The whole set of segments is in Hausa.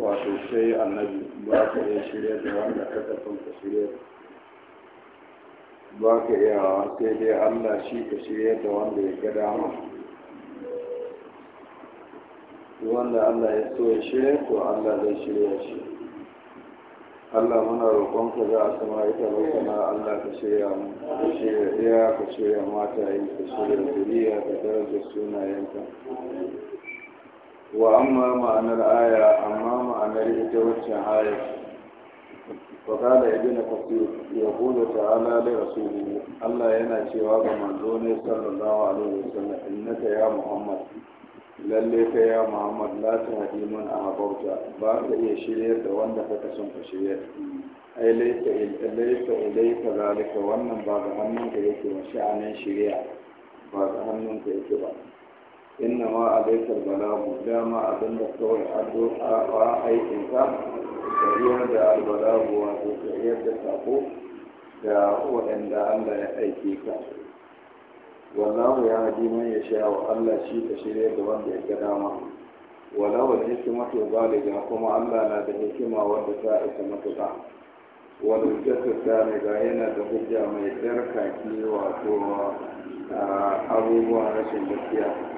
wato sai annabi ba ka iya shirya da wanda kaka son ka shirya ba ka iya sai dai allah shi ka shirya da wanda ya ga dama wanda allah ya so ya shirya to allah zai shirya shi Allah muna roƙonka za a sama ita roƙona Allah ka shirya mu ka shirya ɗaya ka shirya mata yi ka shirya zuriya ka daraja sunayenka wa amma ma'anar aya amma ma'anar ita waccan aya وقال ابن كثير يقول تعالى لرسوله Allah yana cewa ga manzo ne sallallahu alaihi wasallam innaka ya muhammad lalle ka ya muhammad la ta hadiman a habauta ba ka iya shiryar da wanda kaka son ka shiryar ai laita ilaika ilaika zalika wannan ba ga hannunka yake ba sha'anin shirya ba ga hannunka yake ba inna ma a laifar balagu dama abin da kawai addu'a aikinka tafiyar da albalagu wato tafiyar da sako da waɗanda allah ya aike ka wallahu ya haji man ya sha wa allah shi ta shirya da wanda ya ga dama walau da hikimatu baliga kuma allah na da hikima wanda ta isa matuƙa wani jasar riga yana da hujja mai tsarkaki wato abubuwan rashin gaskiya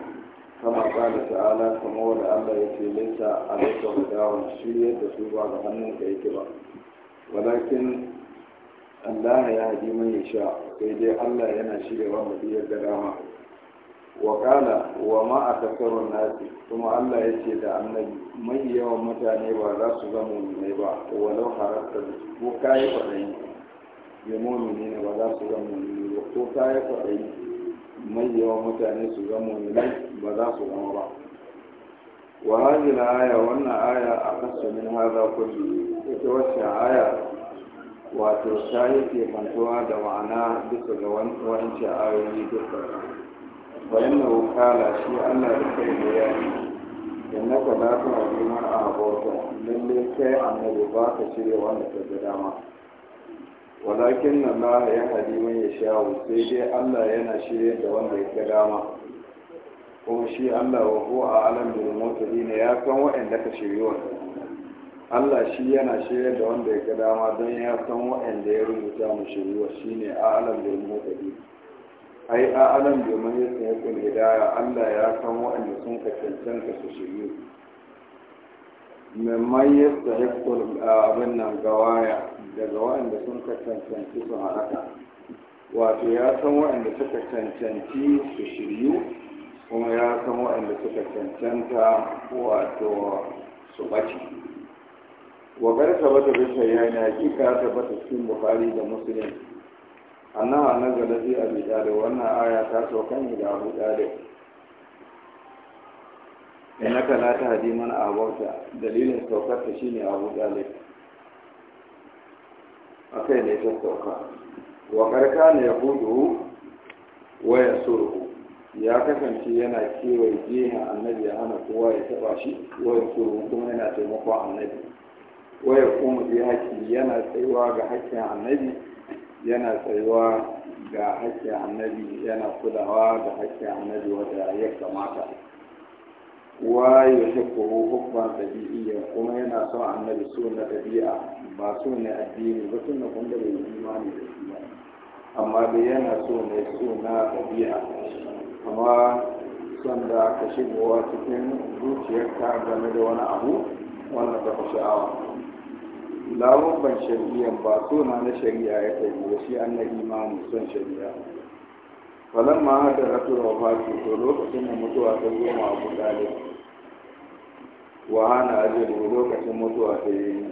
kama kala ta'ala kuma wanda Allah ya ce laisa alaika hudawan shiryar yadda su ba ga hannun ka yake ba walakin Allah ya haɗi man ya sha sai dai Allah yana shirya wa mutum da dama wa kala wa ma a kasarun nasi kuma Allah ya ce da annabi mai yawan mutane ba za su zama mai ba walau harasta ko kayi kwaɗayi ya mummuni ne ba za su zama mai ba ko kayi kwaɗayi mai yawan mutane su zama mu'minai ba za su zama ba wa hadhihi aya wannan aya a kasu min hadha kulli ita wacce aya wato ta yake mantuwa da ma'ana bisa ga wani ayoyi duka bayan na wukala shi allah da kai da ya yi da na ka a liman a abota lalle kai annabi ba ka shirya wanda ka ga dama walakin na laha ya ya shawo sai dai allah yana shirya da wanda ya ga dama kuma shi allah wa huwa a alam bil mutadina ya san wa'anda ka shirya wa. allah shi yana shirya da wanda ya ga dama don ya san wa'anda ya rubuta mu shirya shine a alam bil mutadina ai a alam bil man ya san hidaya allah ya san wa'anda sun ka cancanta su shirya memman ya a abin nan gawaya daga waɗanda sun ka cancanci su haraka wato ya san waɗanda suka cancanci su shiryu kuma ya san waɗanda suka cancanta wato su ɓace wagar tabbata bisa yana hakika tabbata cikin bukari da musulun annawa na zalafi a bidalin wannan aya ta saukan ga abu dalib innaka la tahdi man ahbabta dalilin saukar ta shine Abu Talib akai ne ta sauka wa karka ne yahudu wa yasuru ya kasance yana kewaye jiha annabi ya hana kowa ya taba shi wa yasuru kuma yana taimakon annabi wa kuma bi haqqi yana tsayuwa ga haƙƙin annabi yana tsayuwa ga haƙƙin annabi yana kulawa ga haƙƙin annabi wanda ya kamata wa yuhibbu hubban tabi'iyya kuma yana son annabi sunna dabi'a ba sunna addini ba sunna kunda da imani da shi amma da yana so ne suna tabi'a amma son da ka shigowa cikin zuciyarka game da wani abu wannan da sha'awa lawan ban shari'a ba suna na shari'a ya tafi shi an na imani son shari'a falon ma hada ratul wafatu to lokacin da mutuwa ta goma abu dalib wa hana ajalu lokacin mutuwa ta yi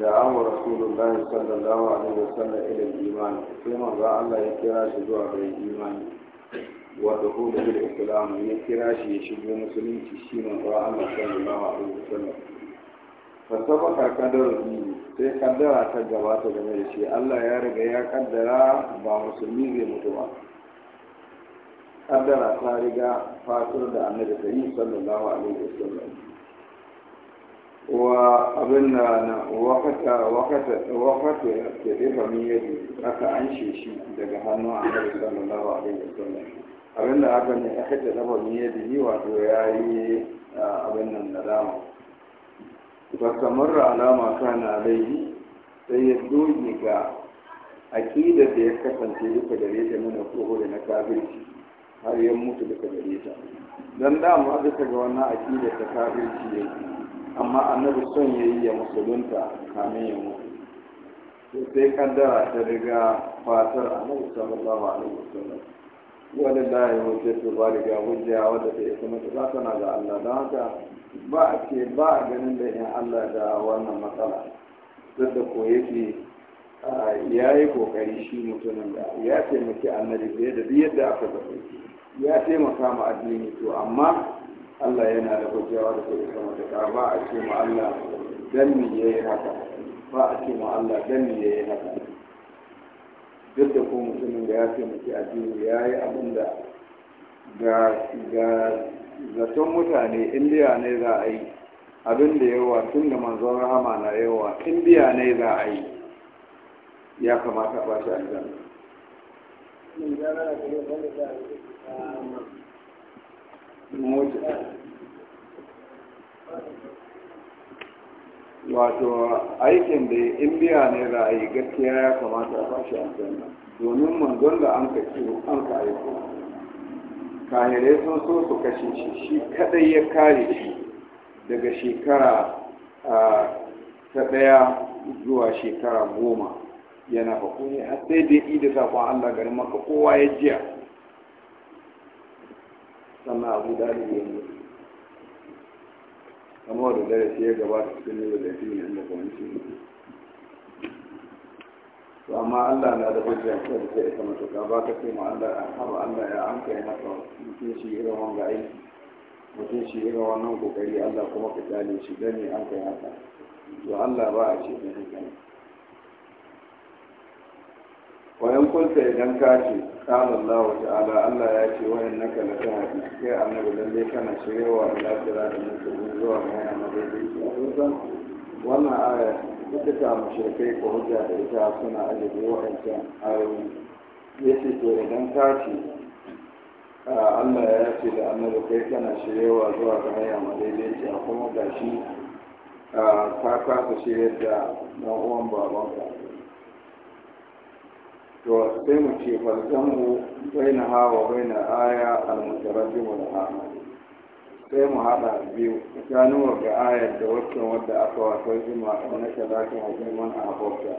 da amur rasulullahi sallallahu alaihi wasallam ila imani sai manzo Allah ya kira shi zuwa ga imani wa dukhul da islam ya kira shi ya shigo musulunci shi manzo Allah sallallahu fasaba ka kadar sai kaddara ta gabata game da shi Allah ya riga ya kaddara ba musulmi zai mutu ba kaddara ta riga fatar da annabi kai sallallahu alaihi wasallam wa abin da na wakata wakata wakata ke dafa min aka anshe shi daga hannun annabi sallallahu alaihi wasallam abin da aka ne aka dafa min yi wato yayi abin nan nadama fasamarra alama kana laihi sai ya doge ga aƙidar da ya kasance duka gare ta nuna koho da na kafirci har ya mutu duka gare ta don dama duka ga wannan aƙidar ta kafirci ya amma annabi son ya yi ya musulunta kamin ya mutu sai kaddara ta riga fatar annabi sallallahu alaihi wasallam wani lahi hujja su ba da ga hujja wadda ta isa matuƙa tana da Allah don haka ba a ce ba a ganin da in Allah da wannan matsala duk da ko ya yi kokari shi mutumin da ya taimaki annabi fiye da duk yadda aka zaɓi ya taimaka ma addini to amma Allah yana da hujja wadda ta isa matuƙa ba a ce ma Allah dan yayi haka duk da ko mutumin da ya taimaki addini ya yi abin da ga zaton mutane indiya ne za a yi abin da yawa tun da manzon rahama na yawa indiya ne za a yi ya kamata a shi aljanna Thank you. wato aikin da in biya ne ra'ayi gaskiya ya kamata a bashi aljanna domin manzon da an ka ciro an ka aiko kahirai sun so su kashe shi shi kadai ya kare shi daga shekara ta daya zuwa shekara goma yana hukuni har sai da yi da sakon allah garin maka kowa ya jiya sannan abu dalibin kamar da darasi ya gabata cikin nuna da fi ne makwanci to amma allah na da hujja ta da zai isa matuka ba ka ce ma allah a haɓa allah ya an kai maka mutum shi irin wanga aiki mutum shi irin wannan kokari allah kuma ka kyale shi gani an kai haka to allah ba a ce da kai. hukunta idan ka ce kama Allah ta'ala Allah ya ce wa in naka ta tahdi kai annabi dai kana shiryawa da siratal mustaqim zuwa ga hanya madaidaici kusan wannan aya ita ta mushrikai ko hujja da ita suna ajiye wa'ancan ayoyi ce to idan ka ce Allah ya ce da annabi kai kana shirewa zuwa ga hanya a kuma gashi ka kasa shirya da dan uwan babanka to sai mu ce falzamu bai na hawa bai na aya almutarafi wani sai mu haɗa biyu tsakanin ga ayar da waccan wadda aka wato jima a na talatin hakiman a haɓarta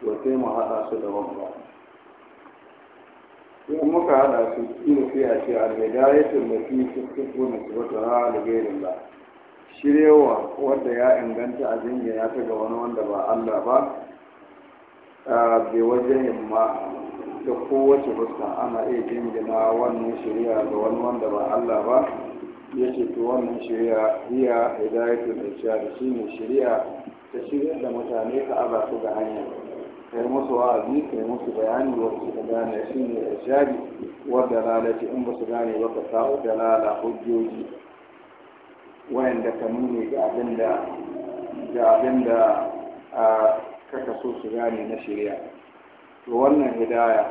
to sai mu haɗa su da wanda in muka haɗa su ina fi a ce alhidayatul mafi tukkuku na subata ha da gairin ba shirewa wadda ya inganta a jingina ta ga wani wanda ba Allah ba bai wajen yamma da kowace fuska ana iya jingina wannan shari'a ga wani wanda ba Allah ba ya ce to wannan shari'a iya hidayatul irshad shine shari'a ta shirya da mutane ka aza su ga hanya kai musu wa'azi kai musu bayani wanda ka gane shi shine shari. wanda lalace in ba su gane ba ka kawo dalala hujjoji wayanda ka nune ga abinda ga abinda a kaka so su gane na shirya to wannan hidaya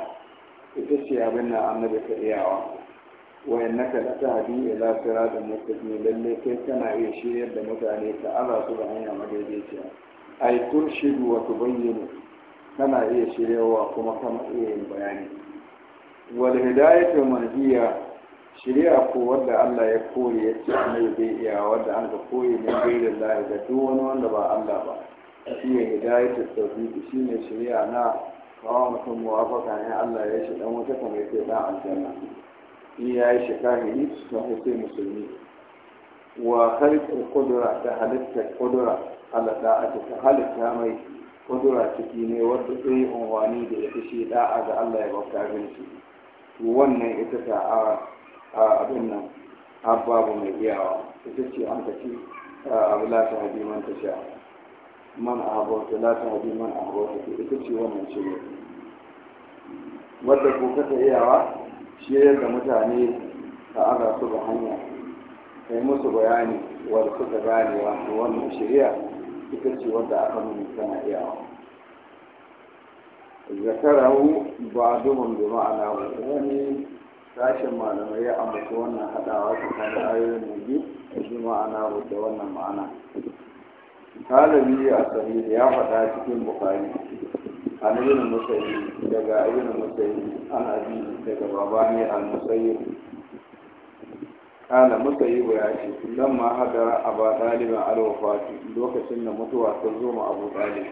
ita ce abin da annabi ka iyawa wa innaka ta tahdi ila siratin mustaqim lalle kai kana iya shiryar da mutane ka aza su ga hanya madaidaiciya ai turshidu wa tubayyinu kana iya shiryawa kuma kana iya yin bayani wal hidayatu manhiya shirya ko wanda Allah ya koyi ya ce annabi bai iya wanda an ka koyi ne bai da Allah duk wani wanda ba Allah ba shi ne hidayatul tawfiq shi ne shari'a na kawo mutum muwafaka ne Allah ya shi dan wata kamar yake dan aljanna in ya yi shi kahiri to sai musulmi wa khalqul qudra da halitta qudra Allah da ta halitta mai qudra ciki ne wanda sai unwani da ita shi da'a ga Allah ya bauta ganci wannan ita ta a abin nan ababu mai iyawa ita ce an ta ci abu la ta hadi man ta man ahbabta la tahdi man ahbabta to ita ce wannan ce ne wanda ko ta iyawa shi yadda mutane ka aga su ga hanya kai musu bayani wanda suka gane wato wannan shari'a ita ce wanda aka nuna tana iyawa zakarahu ba'duhum bi ma'ana wani sashen malamai ya ambaci wannan hadawa tsakanin ayoyin biyu bi ma'ana da wannan ma'ana kalabi a sahih ya faɗa cikin bukari A ibn musayyib daga ibn musayyib an abi daga Baba ne a musayyib kana musayyib ya ce don ma a ba dalibin al fati, lokacin da mutuwa ta zo ma abu ɗalib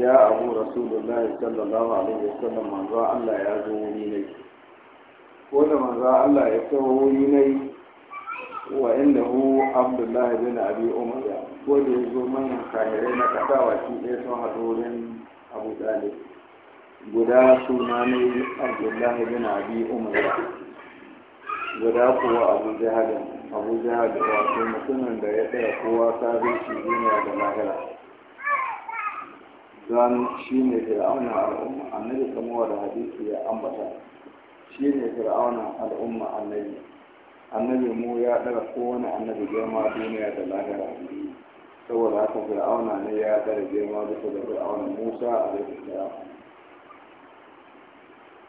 ya abu rasulullahi sallallahu alaihi wasallam manzo Allah ya zo wuri ne ko da manzo Allah ya zo wuri ne wa inda hu abdullahi bin abi umar ko da ya zo manyan kahirai na kasa wasu ɗaya sun haɗu wurin abu ɗalib guda suna ne abdullahi bin abi umaira guda kuwa abu jihadin abu jihadin wato mutumin da ya tsaya kowa shi duniya da lahira don shi ne fir'auna al'umma annabi kama da hadisi ya ambata shi ne fir'auna al'umma annabi annabi mu ya ɗara kowane annabi girma duniya da lahira saboda haka fir'auna ne ya tsara girma duka da fir'auna musa a laifin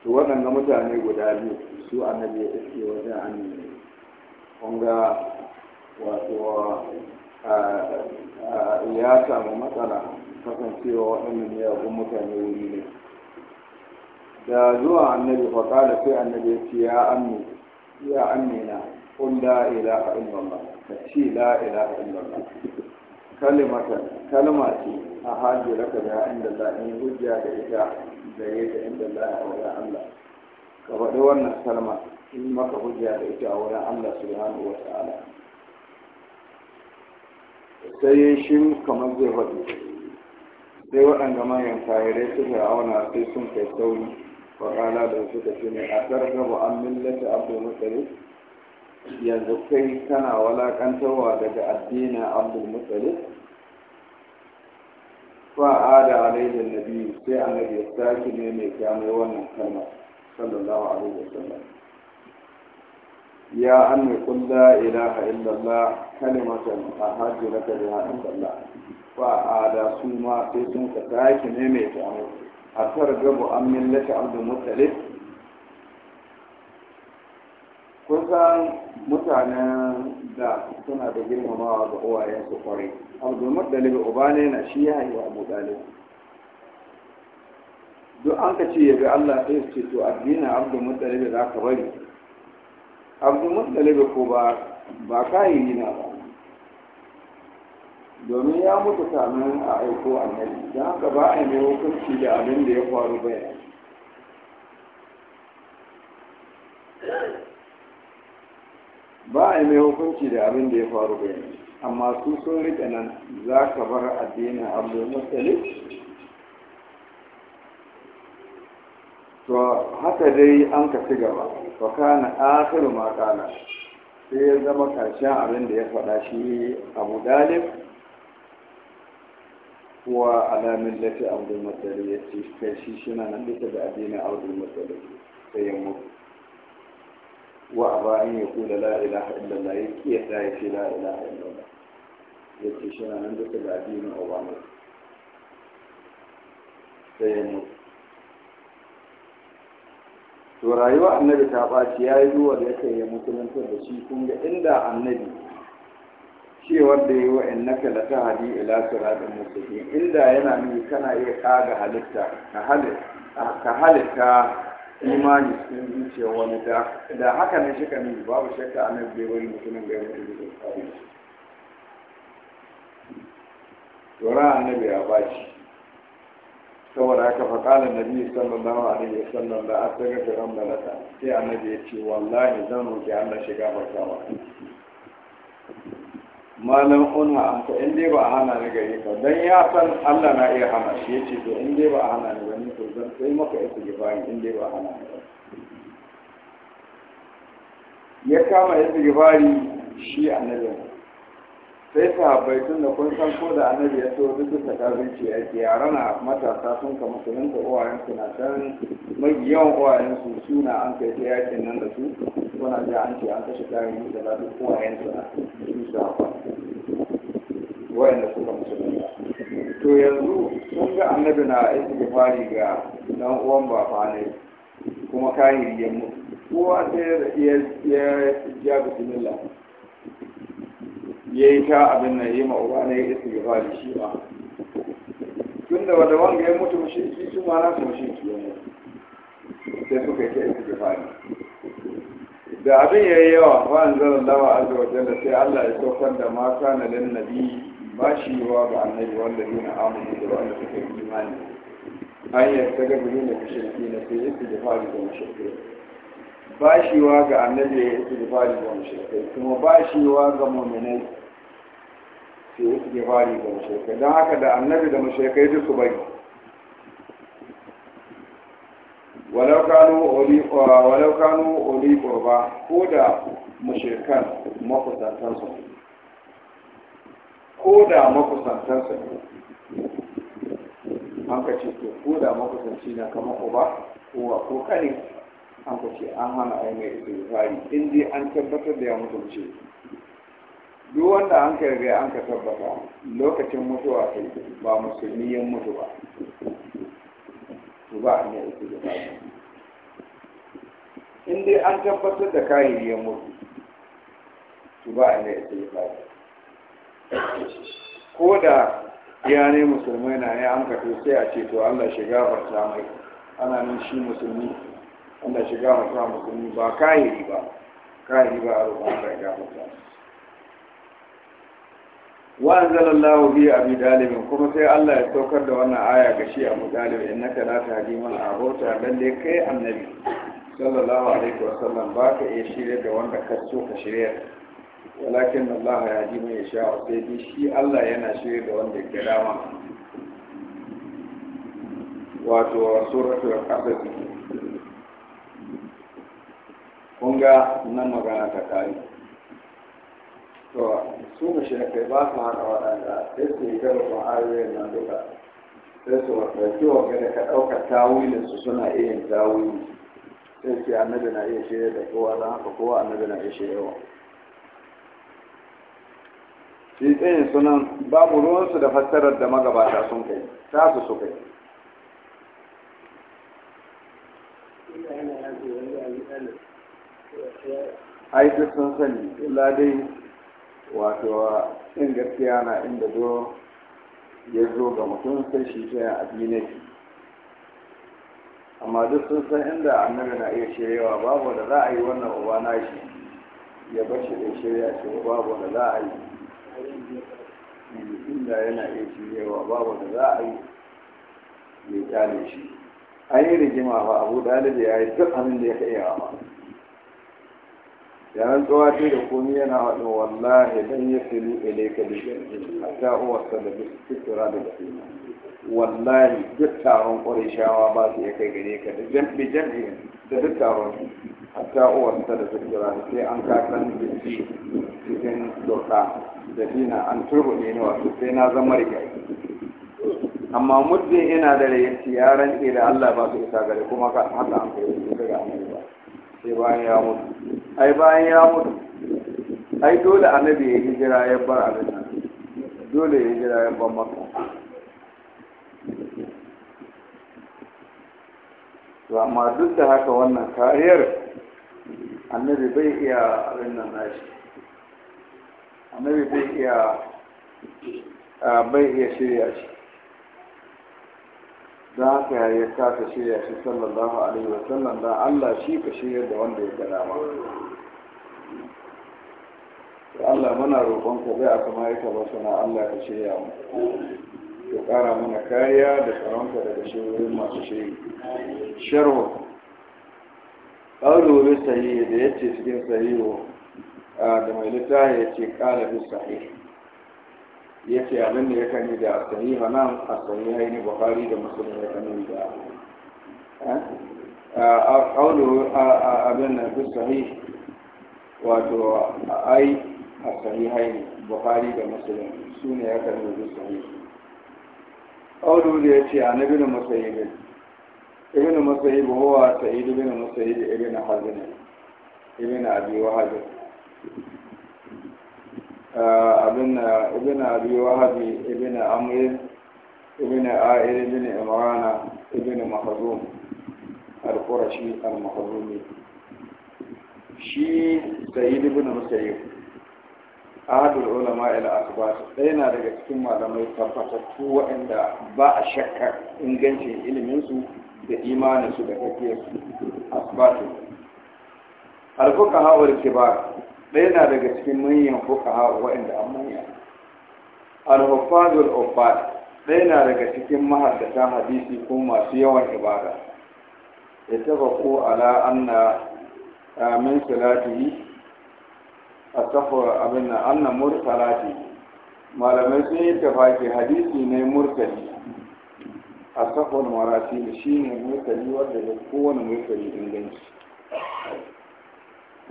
to waɗanda mutane guda biyu su annabi ya iske wajen annabi ƙunga wato ya samu matsala kasancewa waɗannan miyagun mutane wuri ne da zuwa annabi faƙa da sai annabi ya ce ya ammi ya ammi na kun la ilaha illallah ka ce la ilaha illallah kalimatan kalma ce a hajji raka da inda za a yi hujja da ita da ya ta inda za a wurin Allah ka faɗi wannan kalma in maka hujja da ita a wurin Allah subhanahu wa ta'ala sai ya shiru kamar zai faɗi sai waɗanda manyan kayarai suka auna sai sun kai sauri faƙala da suka ce ne a targaba an millata abu mutane yanzu kai kana walakantarwa daga addinin abdul mutsalif fa'ada alaihi nabi sai annabi ya sake ne mai kyamai wannan kalmar sallallahu alaihi wasallam ya anni qul ila ilaha illallah kalimatan ahadu laka biha illallah fa'ada su ma sai sun ka sake ne mai kyamai a gabu an millata abdul mutsalif kun san mutanen da suna da girmamawa ga su kwarai abdul muttalib uba ne na shi ya haihu abu dalib duk an ka ce yabi Allah sai su ce to addina abdul muttalib za ka bari abdul muttalib ko ba ba kayi na ba domin ya mutu samun a aiko annabi don haka ba a yi mai hukunci da abin da ya faru bayan ba a yi mai hukunci da abin da ya faru bai amma su sun rike nan za ka bar addinin abdul to haka dai an ka ci gaba to kana akhiru ma kana sai ya zama karshen abin da ya faɗa shi abu dalib kuwa alamin lati abdul mutsalif ya ce kai shi shi na nan duka da addinin abdul sai ya mutu wa a bayan ya kula la ilaha illallah ya ki yadda ya ce la ilaha illallah ya ce shi na nan duka da addinin obama sai ya mutu to rayuwa annabi ta ɓaci ya yi duwa da ya kai ya musulunta da shi kun ga inda annabi cewar da yi wa innaka la tahdi ila siratal mustaqim inda yana nuni kana iya kaga halitta ka halitta imani cikin zuciya wani da haka ne shi kanin babu shakka a nan bai wani mutumin ga mutum da tsari tsoron annabi ya bashi saboda haka faƙala nabi sallallahu alaihi wasallam sallam da aka ga ran sai annabi ya ce wallahi zan roki Allah shiga barkawa malam unha an ta in ba a hana ni ga ka dan ya san Allah na iya hana shi yace to in dai ba a hana ni gani to zan sai maka ita gifari in dai ba a hana ni ya kama ita gifari shi annabi sai sahabbai tun da kun san ko da annabi ya so duk da kafirci a yara na matasa sun ka musulunta uwayen su na can mai yawan uwayen su suna an kai ta yakin nan da su suna ji an ce an kashe kayan da za uwayen su na yanzu kun ga annabi na fari ga dan uwan baba ne kuma kayan ya mutu kowa sai ya ya ya bismillah yayi ta abin nan yi ma uba ne fari shi ba tun da wanda wanga ya mutu shi shi su ma na su shi ki ne sai suka yi fari. da abin yayi yawa fa anzalallahu azza wa jalla sai Allah ya saukar da mata na lin nabi ba shi yiwa ga annabi wanda nuna amini da wanda suka yi imani an gaba yi na kushe mushriki na sai yake da fari da mushriki ba shi wa ga annabi ya yake da fari da mushriki kuma ba shi wa ga mu'minai sai yake da fari da mushriki don haka da annabi da mushrikai duk su bari walaukanu kanu oli qurba ko da mushrikan makusantansu ko da makusantansa ne an ka ce to ko da makusanci na kamar uba kowa ko kane an ka ce an hana ai mai istighfari in dai an tabbatar da ya mutunce duk wanda an ka yarda an ka tabbata lokacin mutuwa kai ba musulmi yan mutu ba to ba a mai istighfari in dai an tabbatar da kayan yan mutu to ba a mai istighfari ko da ne musulmai na ya an kato sai a ce to Allah shi gafarta mai ana nan shi musulmi Allah shi gafarta musulmi ba kayi ba kayi ba a roƙon kai gafarta wa anzalallahu bi abi dalim kuma sai Allah ya saukar da wannan aya ga shi abu dalib innaka la tahdi man abauta lalle kai annabi sallallahu alaihi wasallam ka iya shirye da wanda ka so ka shirye walakin Allah ya ji mai sha sai dai shi Allah yana shirya da wanda ke dama wato suratul qasas kun ga nan magana ta kare to su mu shi kai ba su haka waɗanda sai su yi gaba kan ayoyin nan duka sai su ɗauki wa gada ka ɗauka tawilin su suna iya tawili sai su annabi na iya shirya da kowa don haka kowa annabi na iya shirya shi sunan babu ruwansu da fassarar da magabata sun kai ta su su kai ai sun sani ladai dai wato in gaskiya na inda zo ya zo ga mutum sai shi shi a amma duk sun san inda annabi na iya shiryawa babu da za a yi wannan uba na shi ya bar shi da shirya shi babu da za a yi inda yana iya shiryawa babu da za a yi ya kyale shi an yi rigima ba abu dalibi ya yi duk abin da ya kai yawa ba yaran tsawa ce da komi yana haɗin wallahi dan ya filu ilaika da jirgin a ta'uwarsa da fitira da fitira wallahi duk taron ƙwarishawa ba su ya kai gare ka da jam'i da duk taron su hatta uwarsa da zikira sai an kasan jinsi cikin doka da dina an ne ni wasu sai na zama rigayi amma muddin ina da rayuwa, ya rantse da Allah ba su isa gare kuma haka an kai su daga annabi ba sai bayan ya mutu ai bayan ya mutu ai dole annabi ya hijira ya bar abin nan dole ya hijira ya bar maka to amma duk da haka wannan kariyar annabi bai iya abin nan nashi annabi bai iya bai iya shirya shi don haka ya kasa shirya shi sallallahu alaihi wa sallam don Allah shi ka shirya da wanda ya gana ma Allah muna roƙon ka a aka ma'aika ba sana Allah ka shirya mu ka ƙara mana kariya da tsaronka daga shirin masu shirin. sharwa ƙauru bi sahihi da ya ce cikin sahihu da mai littafi ya ce ƙala bi sahihi ya ce abin da ya kani da sahiha nan a sahiha ne buhari da musulun ya kani da ƙauru abin da bi sahihi wato ai a sahiha ne buhari da musulun su ne ya kani da bi sahihi ƙauru da ya ce a nabi da musulun ibn musayyib huwa sa'id ibn musayyib ibn hazm ibn abi uh, abin uh, ibn abi wahab ibn amr ibn a'ir ibn imran ibn al-qurashi al-mahzumi shi sa'id ibn musayyib ahadul ulama ila akbar ɗaya na daga cikin malamai tabbatattu waɗanda ba a shakkar ingancin iliminsu da imaninsu su da kafiyar su asbatu alfuka hawar kibar ɗaya na daga cikin manyan fuka hawar waɗanda an manya alhufazul ubbad ɗaya na daga cikin mahaddata hadisi ko masu yawan ibada ya taba ko ala anna eh, min salatihi a tafa abin na anna mursalati malamai sun yi tafaki hadisi ne murtali a safon marasi shi ne mulkali wadda ya kowane mulkali inganci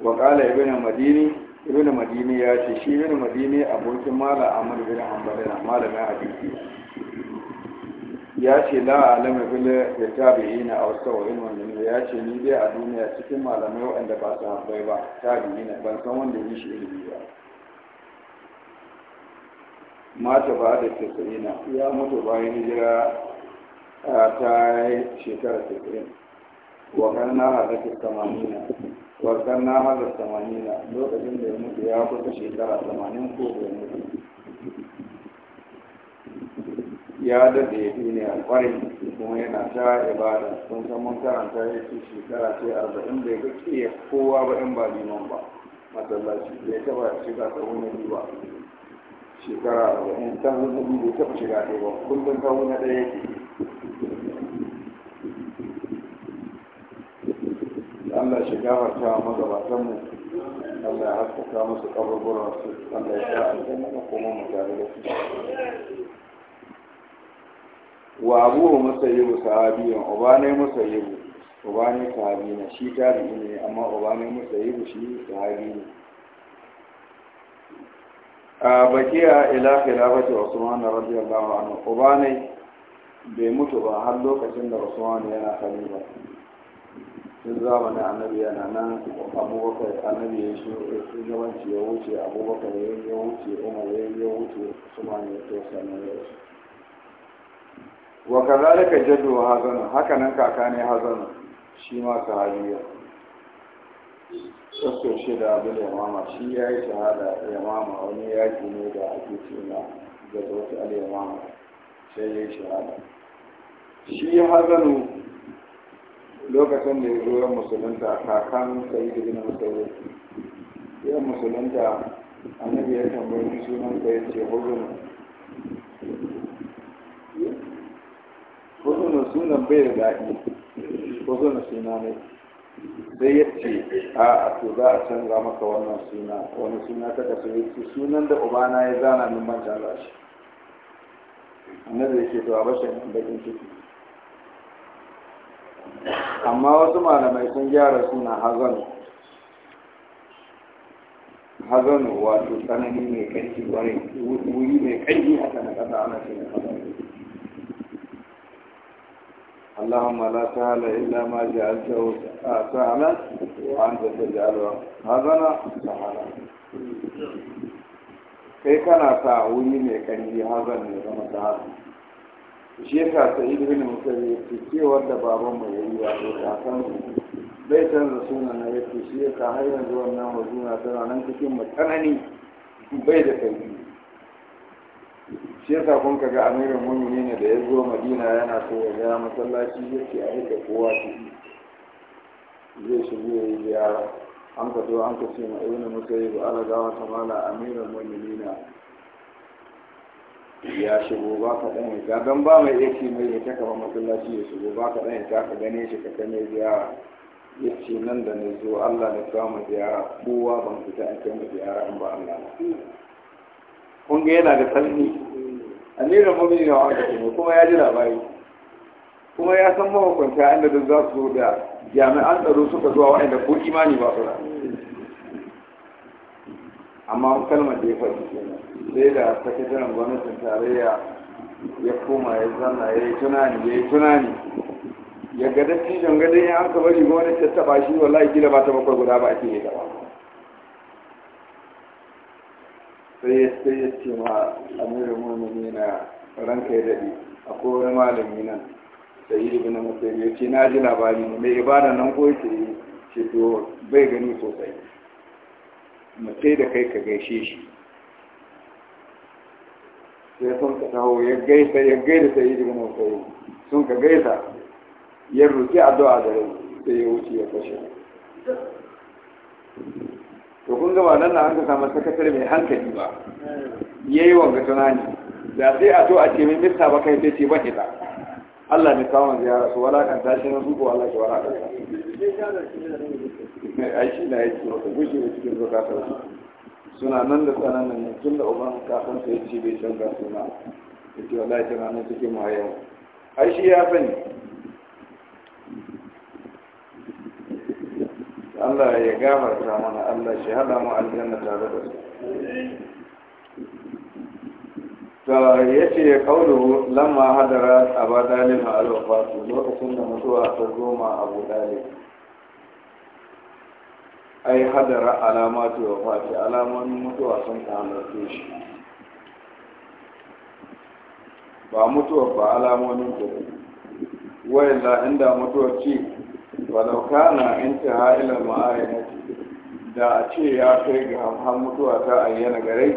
wa kala ibn madini ibn madini ya ce shi ibn madini abokin mala amur bin hanbalina malamin hadisi ya ce la alama bile da yi na a wasu wa'in wannan ya ce ni dai a duniya cikin malamai waɗanda ba su haɓai ba yi na ban san wanda yi shi ilimi ba mata ba da tasirina ya mutu bayan hijira ta shekara 90 wakar na haɗa ta tamanina wakar na haɗa tamanina lokacin da ya mutu ya kusa shekara 80 ko ya mutu ya daɗe ne a ƙwarai kuma yana ta ibada sun san mun karanta ya ce shekara ce arba'in da ya ga kowa ba ɗan ba liman ba masallaci bai taɓa shiga tsawon na ba shekara arba'in ta hudu bai taɓa shiga ɗaya ba kullum ta hudu na ɗaya yake Allah shi gafarta magabatan mu Allah ya haskaka musu kaburburan su Allah ya sa aljanna na kuma mu tare da su wa abu musayyibu sahabiyan ubanai musayyibu ubanai sahabi na shi tabi'i ne amma ubanai musayyibu shi sahabi ne a bakiya ila khilafati usman radiyallahu anhu ubanai bai mutu ba har lokacin da usman yana khalifa tun na annabi yana nan abubakar annabi ya shi shugabanci ya wuce abubakar ya ya wuce umar ya ya wuce ma ne to sannan ya wuce wa kazalika wa hazanu haka nan kaka ne hazanu shi ma sahabiya shi shida abin yamama shi ya yi shahada yamama wani yaki ne da ake suna ga wasu al yamama sai ya yi shahada shi hazanu lokacin da ya zo yan musulunta kakan sayi da gina musulun yan musulunta annabi ya tambayi sunan ka ya ce hudunu hudunu sunan bai da daɗi hudunu suna ne sai ya ce a to za a canza maka wannan suna wani suna ta kasu ya ce sunan da ubana ya zana min mancan A annabi ya ce to a bashin bakin ciki amma wasu malamai sun gyara suna hazanu hazanu wato tsanani mai kanki wani wuri mai kanki haka na kasa ana ce na اللهم لا سهل إلا ما جعلته سهلا وأنت تجعله هذا سهلا كيف كان ساعوني ميكاني هذا الميكاني shi yasa sai ibn musayyib ya ce cewar da baban mu yayi wato kakan bai canza sunan na yake shi yasa har yanzu wannan mazuna tana nan cikin mu tsanani bai da kai shi yasa kun kaga amirin mu'minin da ya zo madina yana so ya ga masallaci yake a hidda kowa ciki zai shigo ya yi ziyara an ka zo an ka ce ma ibn musayyib ala gawa ta mala amirin mu'minina ya shigo ba ka ɗan hita don ba mai iya ce mai hita kamar masallaci ya shigo ba ka ɗan hita ka gane shi ka kame ziyara ya ce nan da na zo Allah na samu ziyara kowa ban fita a kai mu ziyara in ba Allah na kun ga yana da tsanni amirin mumini na wanda kuma kuma ya ji labari kuma ya san mahukunta inda duk za su zo da jami'an tsaro suka zuwa waɗanda ko imani ba su da amma kalmar da ya faɗi kenan sai da sakataren gwamnatin tarayya ya koma ya zanna ya yi tunani ya yi tunani ya ga dattijon gadon ya an ka bari gwamnati ta taba shi wallahi gida ba ta bakwai guda ba ake yi gaba sai ya sai ya ce ma amirin mummuni na ranka ya daɗe a kowane malami nan sai yi na musayi ya ce na ji labari ne mai ibada nan ko ce ce to bai gani sosai mutai da kai ka gaishe shi sai sun ka taho ya gaisa ya gaida sai yi daga nan sun ka gaisa ya roki addu'a da rai sai ya wuce ya kashe to kun gaba nan na an ka samu sakatare mai hankali ba Ya yayi wanga tunani da sai a to a ce mai mista ba kai sai ce ba hita Allah ne kawo ziyara su wala kan tashi na su ko Allah shi wala kan ai shi na yake gushi ne cikin zakata suna nan da tsananin nan tun da uban kafin sai ci bai canza suna da ke wallahi ita nan suke mu hayar ai shi ya sani Allah ya gafarta mana Allah shi hada mu aljanna tare da su ta yace kauluhu lamma hadara a abadalil ma'al wafatu lokacin da mutuwa ta goma abu dalil ai hadara alama alamatu wa fati alamomin mutuwa sun ka halarce shi ba mutuwa ba alamomin ta la inda mutuwar ce ba dauka na inta ila ma'ayyanci da a ce ya kai ga hamhan mutuwa ta ayyana gare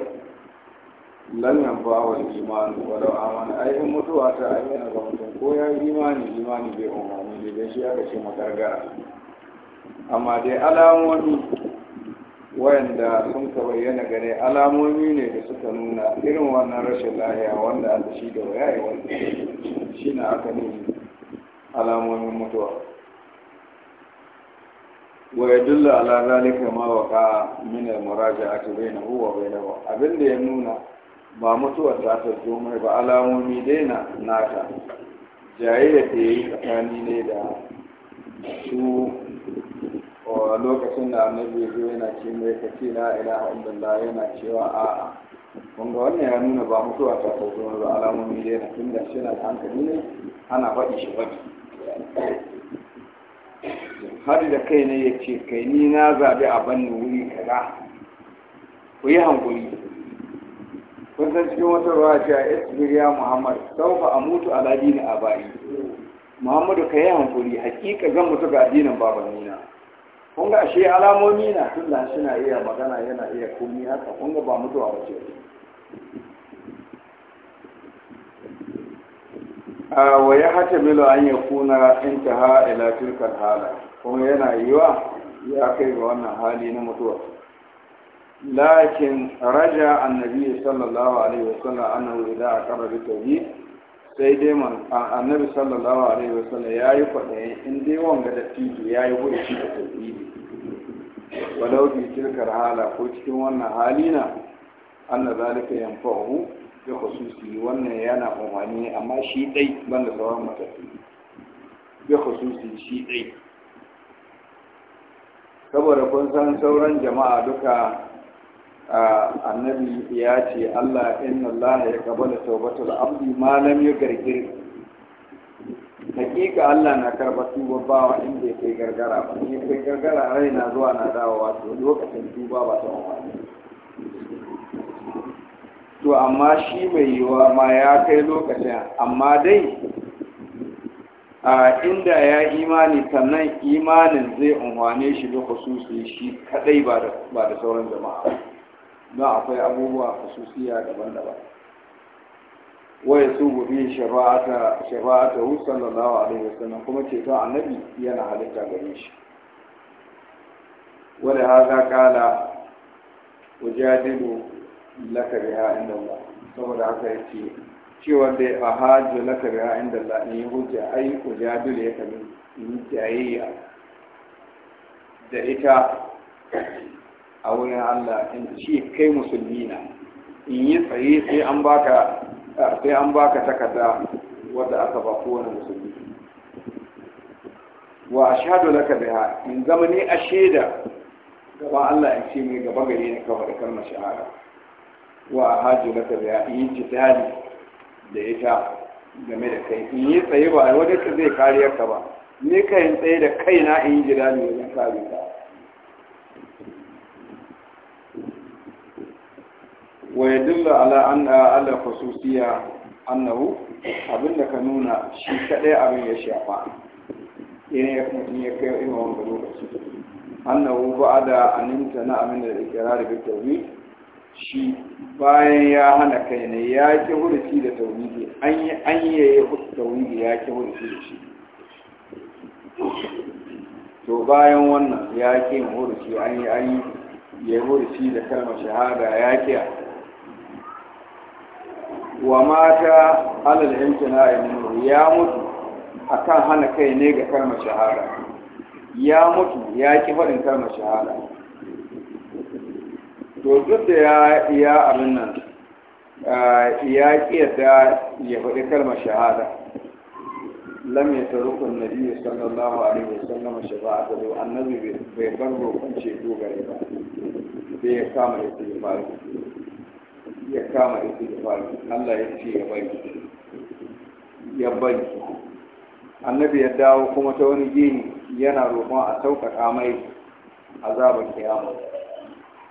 lanyan ba wa imani wa da amana ayyukan mutuwa ta ayyana ga mutum ko ya yi imani imani bai umarni da shi aka ce makargara amma dai alamomi wayanda sun ka bayyana gare alamomi ne da suka nuna irin wannan rashin lahiya wanda an shi da wayaye shi na aka ne alamomin mutuwa wa ya dulla ala zalika ma waka min al muraja'a hu wa bainahu abinda ya nuna ba mutuwar ta ta zo mai ba alamomi dai na nata jayayyar da ya yi tsakani ne da su wa lokacin da annabi ya zo yana ce mai kace la ilaha illallah yana cewa a'a kun ga wannan ya nuna ba mutuwa ta sauko ba alamomi dai na tunda shi na hankali ne ana faɗi shi faɗi har da kai ne ya ce kai ni na zaɓi a banni wuri kaza ku yi hankuli kun san cikin wata ruwa ce a isbiriya muhammad saufa a mutu a ladini a bayi muhammadu ka yi hankuli hakika zan mutu ga addinin babanina kun ga shi alamomi na tun da suna iya magana yana iya komi haka kun ga ba mutuwa ba ce wa ya hata milo an ya kuna ha ila tilkal hala kuma yana yiwa ya kai ga wannan hali na mutuwa lakin raja annabi sallallahu alaihi wasallam annahu idza aqarra bi tawhid sai dai man annabi sallallahu alaihi wa ya yi kwaɗayin in dai wanga da tiji ya yi shi da tauhidi walau bi tilkar hala ko cikin wannan hali na anna zalika yanfa'u bi khususi wannan yana amfani amma shi dai banda sauran matafi bi khususi shi dai saboda kun san sauran jama'a duka annabi ya ce Allah inna Allah ya kabala taubatul abdi ma lam yugargir hakika Allah na karba tuba ba wa inda yake kai gargara ba ne kai gargara rai na zuwa na dawowa to lokacin tuba ba ta wani to amma shi mai yiwa ma ya kai lokacin amma dai a inda ya imani sannan imanin zai unwane shi da khususi shi kadai ba da sauran jama'a don akwai abubuwa khususiya daban-daban waya su gobe shafa'ata hu sallallahu alaihi wasallam kuma ceton annabi yana halitta gare shi wanda haza kala wajadilu laka biha inda Allah saboda haka yake cewa da a hajji laka biha inda Allah ne ya hujja ai wajadilu ya kami in jayiya da ita a wurin Allah in ce kai musulmi na in yi tsaye sai an baka sai an baka takarda wadda aka ba kowane musulmi wa ashhadu laka biha in zama ne a shaida gaba Allah in ce mai gaba gare ni kawai da kalmar shahada wa hajju laka biha in yi jihadi da ita game da kai in yi tsaye ba wanda zai kariyar ka ba ni kai tsaye da kaina in yi jihadi wajen kare ka ويدل على dilla على an ala fasusiya annahu abinda ka nuna shi kadai abin ya shafa yana ya mutum ya kai irin lokaci annahu na abin da ikirari bi shi bayan ya hana kai ne ya ki da tauhidi an yi an ya ki da shi to bayan wannan ya ki hurci an yi an yi ya hurci da kalmar shahada ya ki wa mata alal imtina ibnu ya mutu akan hana kai ne ga kalmar shahada ya mutu ya ki faɗin kalmar shahada to duk da ya ya abin nan ya ki yadda ya faɗi kalmar shahada lam ya taruku nabi sallallahu alaihi wasallam shafa'ata da annabi bai bar roƙon dogare gare ba sai kama ya tsaye ya kama istighfari Allah ya ce ya bari ya bari annabi ya dawo kuma ta wani gini yana roƙon a sauƙaƙa mai azabar kiyama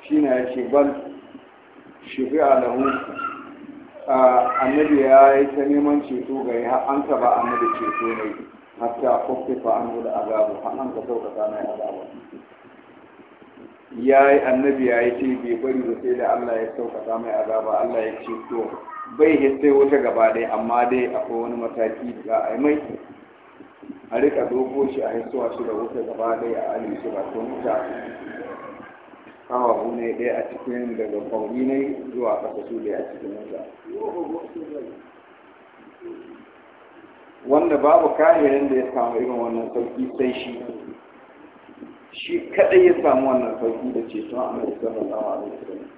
shi na ya ce bal a alahu annabi ya yi ta neman ceto ga ya an taɓa annabi ceto ne hatta kofi fa'anu da azabu har ka sauƙaƙa mai azabar ya yi annabi ya yi ce bai bari ba sai da Allah ya sauƙaƙa mai azaba Allah ya ce to bai hisse wata gaba dai amma dai akwai wani mataki da za a yi mai a rika dogo shi a hisuwa shi da wata gaba dai a alin shi ba to muta kawahu ne ɗaya a cikin daga fauri ne zuwa ƙasa su a cikin muta wanda babu kahirin da ya samu irin wannan sauƙi sai shi shi kadai ya samu wannan sauki da ceton annabi a alaihi wasallam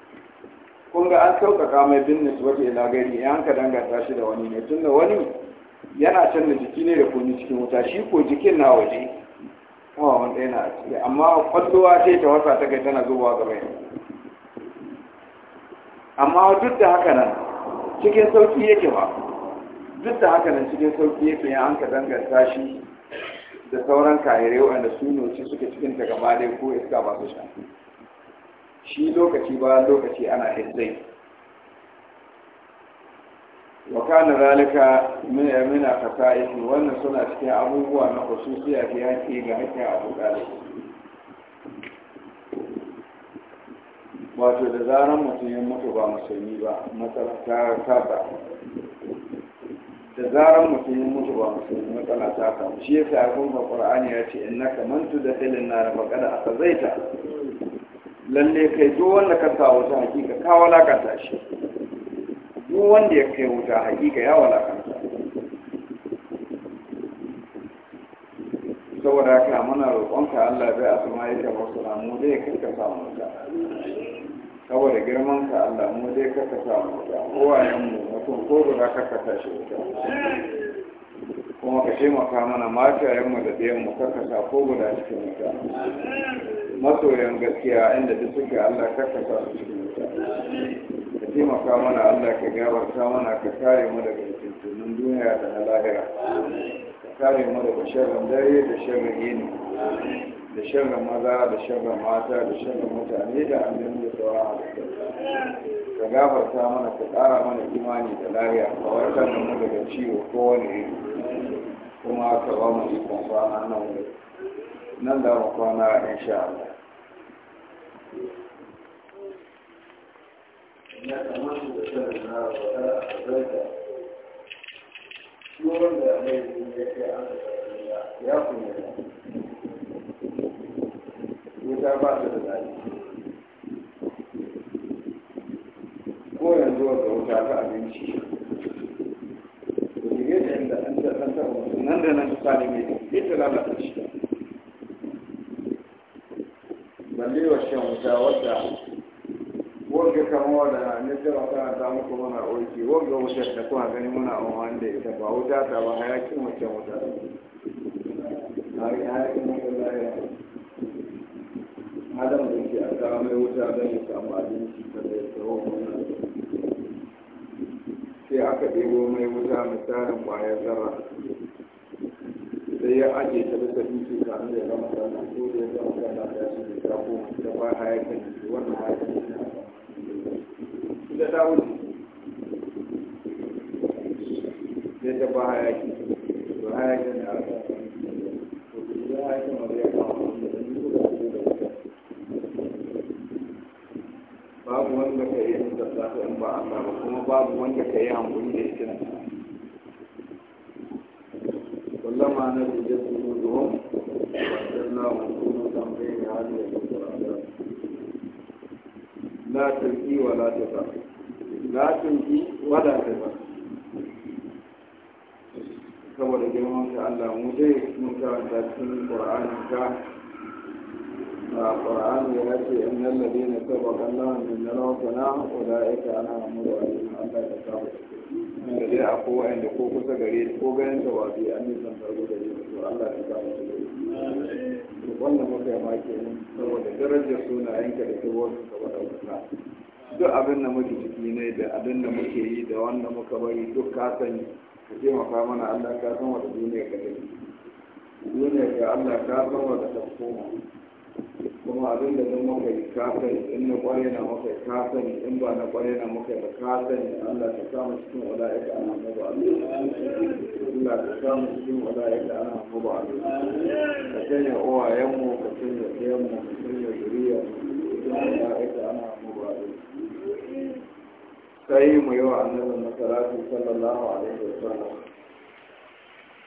kun ga an sauƙaƙa mai binnis waje ila gari ya hanka danganta shi da wani ne Tun da wani yana can da jiki ne da kuni cikin wuta shi ko jikin na waje Kuma wanda na a ciki amma kwallowa ce ta wasa ta kai tana zuwa gaba amma duk da haka nan cikin sauƙi yake ba duk da haka nan cikin sauƙi yake ya hanka ka danganta shi da sauran kahirai waɗanda su noci suke cikin ta gaba dai ko iska ba su sha shi lokaci ba lokaci ana hizzai wa kana zalika min amina fasa'ihi wannan suna cikin abubuwa na hususiya da yake ga hakkin abu dalil wato da zaran mutum ya mutu ba musulmi ba matsala ta kasa da zarar mutum ya mutu ba musulmi matsala ta kamu shi yasa a kuma qur'ani ya ce filin na da nar faqad akhzaita lalle kai duk wanda ka sa wuta hakika ka walakanta shi duk wanda ya kai wuta hakika ya walakanta saboda haka muna roƙonka Allah bai asma yake wasu mu kai ka samun wuta saboda girman ka Allah mu dai ka ka samu wuta kowayen mu mutum ko guda ka ka tashi wuta kuma ka maka mana yan mu da ɗayan mu ka ka ko guda cikin wuta masoyan gaskiya inda duk suke Allah ka ka su cikin wuta ka taimaka mana Allah ka gabata mana ka kare mu daga cikin duniya da na lahira ka kare mu daga sharrin dare da sharrin yini da sharrin maza da sharrin mata da sharrin mutane da annabi da sauran halittu ka gafarta mana ka ƙara mana imani da lahiya ka warkar da mu daga ciwo kowane iri kuma ka ba mu ikon kwana nan wuri nan da mu kwana insha Allah ya kamata da sharrin na wata a zarta ciwon da annabi ya ce an ya kunyata wuta ba ta da tsari ko yanzu wata wuta ta abinci da shige da inda an da an taɓa nan da nan ta ne mai ita lalata shi balle wa shan wuta wadda wanda kama wadda na jira tana ta muku muna oiki wanda wutar da kuma gani muna amfani wanda ita ba wuta ta ba hayakin wuce wuta hayakin wuce lafiya adam da ke a kawo mai wuta don ya samu abinci da ya tsawo wannan sai aka ɗebo mai wuta misalin ƙwayar zarra sai ya ajiye ta bisa dutse kamin da gama sana ko da ya zama sana ya shi ne ta koma ta ba hayakin wannan hayakin da ta wuce babu wanda ka yi hankali da ita ma na jirgin su zuwa wajen na hukumu tambayi da hali da kusurata la turki wa la tafa la turki wa la tafa saboda girman ka Allah mu dai mun karanta cikin Qur'anin ka القرآن يأتي أن الذين سبق الله من الحسنى أولئك أنعم عليهم أن لا da من a أقوى أن ko kusa gare ko ganin ta an yi san farko gare su Allah ya سوى لدرجة سونا to wannan muka yi saboda darajar duk abin da muke ciki ne da abin da muke yi da wanda muka bari duk ka sani ka taimaka mana Allah ka san wata duniya ka dai duniya ga Allah ka san wata ta koma kuma abin da don muka yi kafin in na kware na muka yi kafin in ba na kware na muka yi ba kafin Allah ta samu cikin wala'ika ana muba Allah ta samu cikin wala'ika ana muba ka sanya mu, ka sanya mu, ka sanya zuriya cikin wala'ika ana muba sai mu yi wa annabin Masarafi, sallallahu alaihi wa sallam